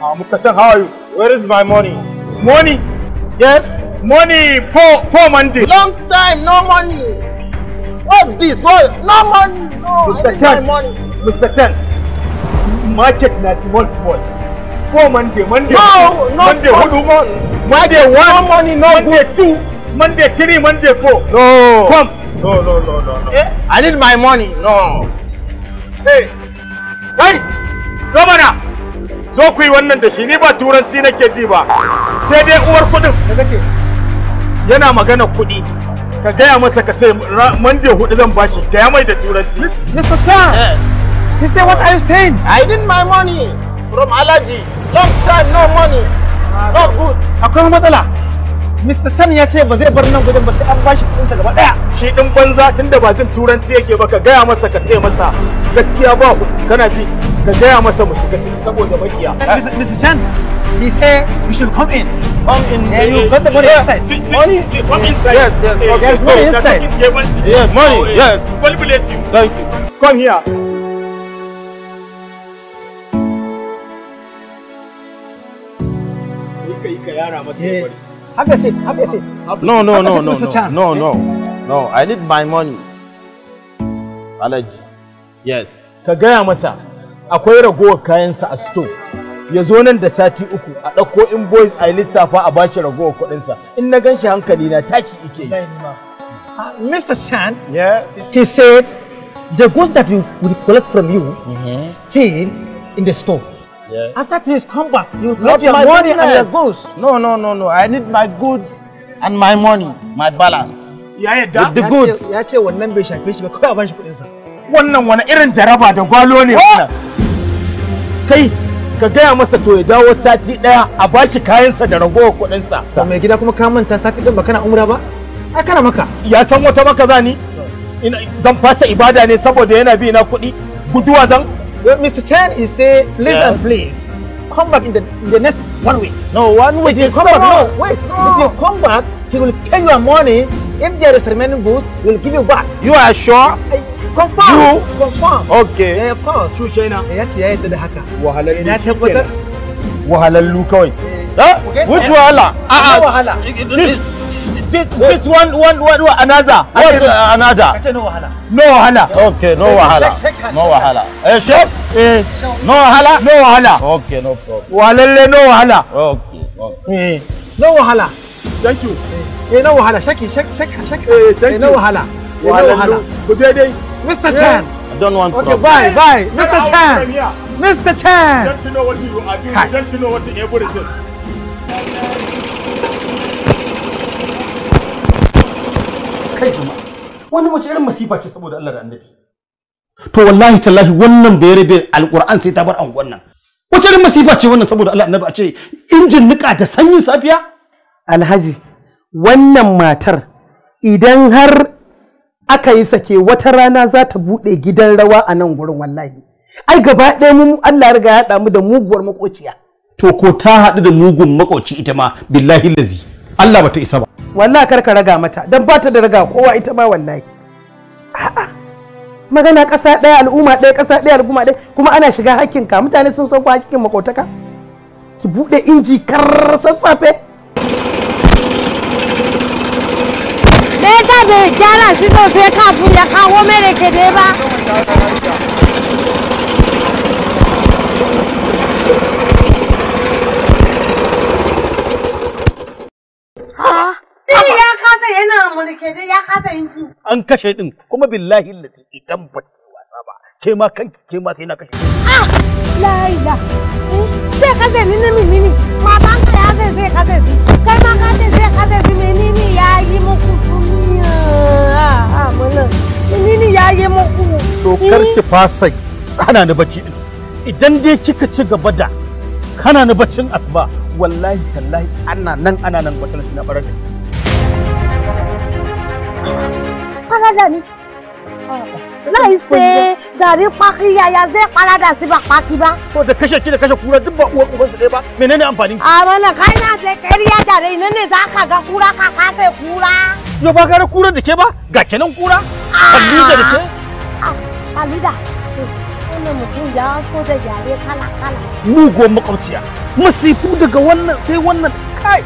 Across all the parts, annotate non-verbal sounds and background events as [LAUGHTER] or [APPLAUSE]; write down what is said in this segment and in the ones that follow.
Uh, ah, Mukachan, how are you? Where is my money? Money? Yes? Money! Poor, poor Monday! Long time, no money! What's this? What? No money! No, Mr. Chen! Money. Mr. Chen! Market na small small. Poor Monday, Monday! No! No Monday, you want? Monday, one! No money, no Monday, good. two! Monday, three, Monday, four! No! Come! No, no, no, no, no. Eh? I need my money, no! Hey! Hey! Governor! zo ku yi wannan da shi ni ba turanci nake ji ba sai dai uwar kudin daga ce yana magana kudi ka gaya masa ka ce mande hudu zan bashi gaya mai da turanci mr sir eh. he said what are you saying i need my money from allergy long time no money ah. not good akwai matsala Mr. Chan ya ce ba zai bar nan gudun ba sai an ba shi kuɗinsa gaba ɗaya. Shi ɗin banza tun da ba jin turanci yake ba ka gaya masa ka ce masa gaskiya ba ku kana ji ka gaya masa mu shiga ciki saboda bakiya. Mr. Chan, he say you should come in. Come in. Yeah, you eh, got the money inside. Money? Come inside. Yes, yes. Eh, eh, okay. There's money inside. Yes, money. Yes. God bless you. Thank you. Come here. Ka yi ka yara masa ya Have a seat. Have a seat. No, no, no, no, no, no, no. I need my money. Alaji. Yes. Ka gaya masa akwai ragowar kayansa a store. Ya zo nan da sati uku a ɗauko in a yi lissafa a shi ragowar kuɗinsa. In na gan shi hankali na tashi ike yi. Mr. Chan, yes. he said the goods that we will collect from you mm -hmm. stay in the store. Yeah. After three years, come back. You drop your money business. and your goods. No, no, no, no. I need my goods and my money, my balance. Ya yeah, the goods. ce wannan bai shafe shi ba, kawai a bashi Wannan wani irin jaraba da gwalo ne oh! wannan. Kai, ka gaya masa to ya dawo sati ɗaya a bashi kayansa da ragowar kuɗinsa. To mai gida kuma ka manta sati ɗin ba kana umra ba? Ai kana maka. Ya san wata maka zani Zan fasa ibada ne saboda yana bi na kuɗi. Guduwa zan Well, Mr. Chen is say, listen, yes. please, come back in the, in the next one week. No, one week if is come so back, No, wait. No. If you come back, he will pay your money. If there is remaining goods, we'll give you back. You are sure? Uh, confirm. You? Confirm. Okay. Yeah, of course. True, shaina. Yeah, yeah, ya The hacker. haka. Wahalallu Na tabbatar. Wahalallu kawai. Eh, which wahala? A'a. Ah, ah. Wahala. This. just, one, one, one, one, another. What uh, another? No wahala. No wahala. Okay, no wahala. No wahala. Eh, chef? Eh. No wahala? No wahala. Okay, no problem. Walalle no wahala. Okay, okay. Eh. No wahala. Thank you. Eh, no wahala. Shaki, shaki, shaki, shaki. Eh, thank eh, you. Eh, no wahala. No wahala. Good day. Mr. Eh. Chan. I don't want Okay, bye, bye. Mr. Chan. Mr. Chan. Don't you know what you are doing? Don't you know what everybody says? kai kuma wani mace irin masifa ce saboda Allah da annabi to wallahi tallahi wannan da bai rabe alquran sai ta bar anguwan nan wace irin masifa ce wannan saboda Allah annabi a ce injin nika da sanyin safiya alhaji wannan matar idan har aka yi sake wata rana za ta buɗe gidan rawa a nan gurin wallahi ai gaba ɗaya mu Allah ya riga ya haɗa mu da muguwar makociya to ko ta haɗu da mugun makoci ita ma billahi lazi Allah bata isa ba wallahi kar ka raga mata dan ba ta da raga kowa ita ma wallahi a'a magana ƙasa ɗaya al'umma ɗaya kasa ɗaya al'umma ɗaya kuma ana shiga hakkinka mutane sun san ko hakkin makotaka ki bude inji kar sassafe me ka bai gyara shi sai ka ya kawo mere ke ba fahimci. An kashe din kuma billahi lati idan ba wasa ba. Ke ma kanki ke ma sai na kashe. Ah! La ka Sai eh, ni zai nini mini ne. ka ya zai zai ka zai. Kai ma ka zai zai ka zai menene ya yi muku duniya. Ah, ah, mana. Menene ya yi muku. To kar ki fasa hana ni bacci din. Idan dai kika ci gaba da kana ni baccin asuba wallahi tallahi ana nan ana nan wata na barar da Parada ni. Láì ṣe gàrí pákí yaya zai parada su ba pákí ba. Ko da kashe kashe kura duk ba uwar uban su ɗaya ba. Menene amfani? A mana kai na sai ƙarya da rai nan ne za ka ga kura ka kasa kura. Yo ba gara kura da ke ba? Ga kenan kura? Kalida da ke? Kalida. Wannan mutum ya so da yare kala kala. Muguwar makwabciya. Masifu daga wannan sai wannan kai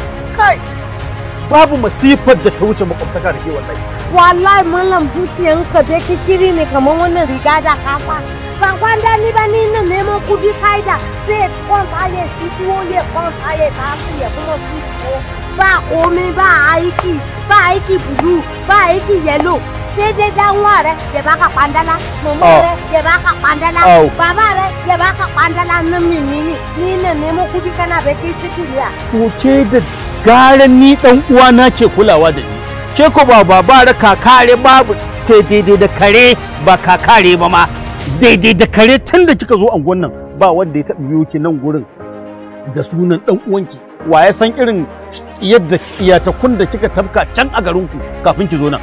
babu masifar da ta wuce makwabtaka da ke wallahi wallahi mallam zuciyanka da kikiri ne kamar wannan riga da kafa ba kwanda ni ba ni nan neman kudi kaida sai kwan ya su tuwo ya kwanta ta su ya kuma su tuwo ba komai ba aiki ba aiki bulu ba aiki yellow sai dai dan ware ya baka kwandala mama ah. re ya baka kwandala baba re ya baka kwandala nan mini ni na nemo kudi kana baki sikiriya to ke da gara ni dan uwa na ke kulawa da ni ke ko ba ba ba kakare babu ta daidai da kare ba kakare ba ma daidai da kare tun da kika zo anguwan nan ba wanda ya taɓa ki nan gurin da sunan dan uwanki wa ya san irin yadda iyatakun da kika tabka can a garinku kafin ki zo nan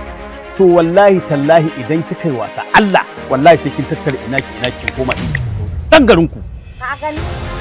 to wallahi tallahi idan kika yi wasa Allah wallahi sai kin tattara ina ki ina ki koma ɗin dan garinku ka gani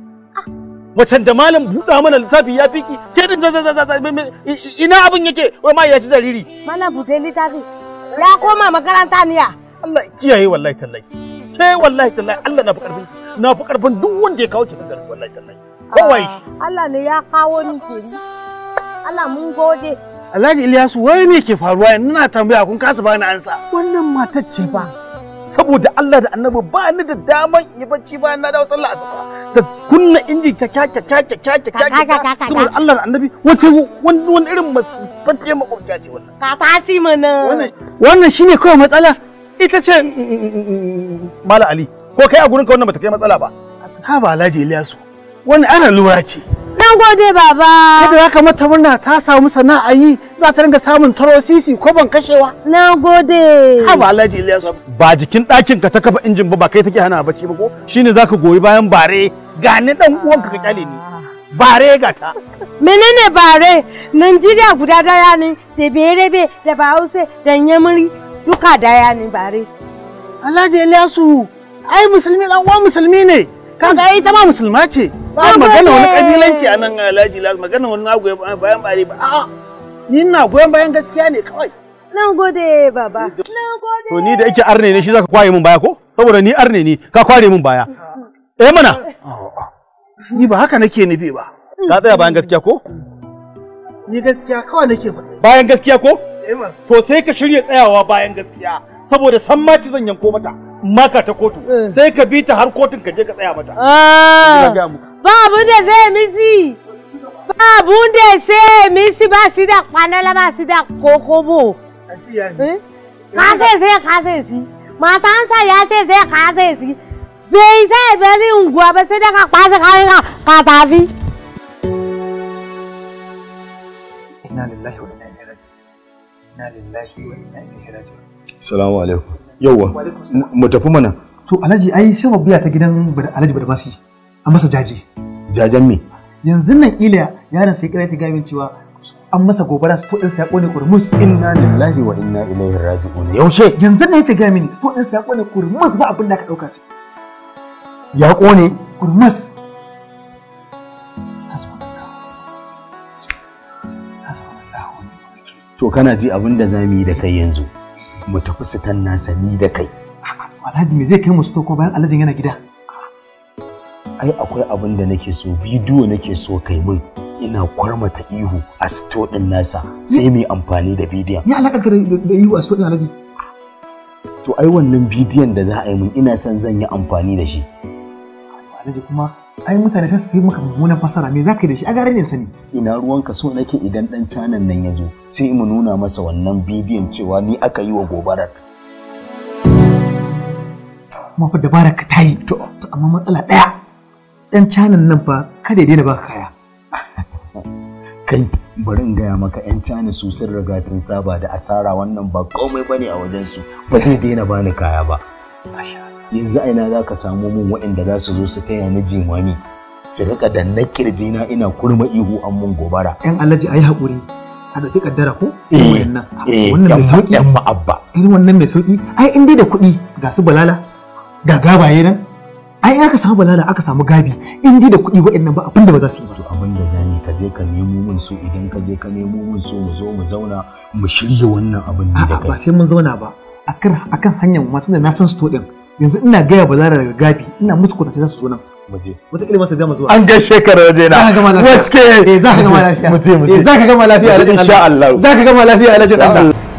wacan da malam buɗa mana littafi ya fiki ke din ina abin yake wai ma ya ci jariri malam buɗe littafi ya koma makaranta niya Allah kiyaye wallahi tallahi ke wallahi tallahi Allah na fi karfin na fi karfin duk wanda ya kawo ki garbi wallahi tallahi ah, Allah ne ya kawo ni ke Allah mun gode Alhaji Ilyasu wai me ke faruwa yanzu na tambaya kun kasa bani ansa wannan matar ce ba saboda Allah da Annabi ba ni da daman yi bacci ba na dawo sallah asuba ta kunna inji ta kyakya kyakya kyakya kyakya saboda Allah da annabi wace wani wani irin masifafe makwabta ce wannan ka fasi mana wannan shine kawai matsala ita ce mm, mm, mm, mala ali ko kai a gurin ka wannan bata kai matsala ba ha ba alhaji Ilyasu wannan ana lura ce nan gode baba kada zaka mata murna ta samu sana'a yi za ta ringa samun taro sisi ko ban kashewa na gode ha ba alhaji Ilyasu ba jikin ɗakin ka ta kafa injin ba ba kai take hana bacci ba ko shine zaka goyi bayan bare ga ni dan uwanka ka kyale ni bare ga ta menene bare Najeriya guda daya ne da berebe da bahause da yamuri duka daya ne bare Alhaji Ilyasu ai musulmi dan uwan musulmi ne kaga ai ta ma musulma ce ba magana wani kabilanci a nan Alhaji Ilyasu magana wani na bayan bare ba a'a ni na goyon bayan gaskiya ne kawai nan gode baba nan gode to ni da yake arne ne shi zaka kwaye mun baya ko saboda ni arne ne ka kware mun baya eh mana Ni ba haka nake nufi ba. Ka tsaya bayan gaskiya ko? Ni gaskiya kawai nake faɗi. Bayan gaskiya ko? Eh, to sai ka shirya tsayawa bayan gaskiya saboda san ma ci zan yanko mata maka ta kotu eh. sai ka bi ta har kotun ka je ka tsaya mata. Ah. Ba abun da zai misi. Ba abun da sai misi ba shi da kwanala ba shi da kokobo. Eh? Ka sai sai ka sai si. Matansa ya ce sai ka sai si. bai sai bari unguwa ba sai da ka kwasa kayan ka tafi. Inna lillahi wa inna ilaihi raji'un. Inna lillahi wa inna ilaihi raji'un. Assalamu alaikum. Yawwa. Mu tafi mana. To Alhaji ai sai wa biya ta gidan Alhaji Badmasi. An masa jaje. Jajen me? Yanzu nan Iliya yaron sai kira ta ga min cewa an masa gobara sto din sa ya kone kurmus inna lillahi wa inna ilaihi raji'un yaushe yanzu ne ta ga min sto din sa ya kone kurmus ba abin da ka dauka ciki ya ƙone kurmas to kana ji abin da zamu yi da kai yanzu mu tafi tan nasa ni da kai alhaji me zai kai mu sito ko bayan alhajin yana gida ai akwai abin da nake so bidiyo nake so kai mun ina kwarmata ihu a sito din nasa sai mai amfani da bidiyon ya alaka da ihu a sito din alhaji to ai wannan bidiyon da za a yi mun ina son zan yi amfani da shi alhaji kuma ai mutane sai su yi maka mummunan fasara me zaka da shi a ne sani ina ruwanka so nake idan dan canan nan ya zo sai mu nuna masa wannan bidiyon cewa ni aka yi wa gobarar kuma fa dabarar ka tayi to amma matsala daya dan canan nan fa kada ya daina baka kaya [LAUGHS] kai bari in gaya maka yan cani su sun riga sun saba da asara wannan ba komai bane a wajen su ba zai daina bani kaya ba yanzu a ina za ka samu mun waɗanda za su zo su taya ni jimami su rika da na kirji na ina kurma ihu an mun gobara yan alhaji yi haƙuri a ɗauki kaddara ko eh, ah, eh, wannan mai sauki yan ma'abba irin wannan mai sauki ai in dai da kuɗi ga su balala ga gabaye nan ai aka samu balala aka samu gabi in dai da kuɗi waɗannan ba abin da ba za su yi ba to abin da zani ka je ka nemo mun su idan ka je ka nemo mun su mu zo mu zauna mu shirya wannan abin da kai ba sai mun zauna ba akan hanyar matan da na san su to din yanzu ina gaya balara daga gabi ina musu kwatance za su zo nan muje wataƙila masu dama zuwa an ga shekarar waje na za ka gama lafiya waske eh za ka gama lafiya muje muje eh, za ka gama lafiya alajin Allah za ka gama lafiya alajin Allah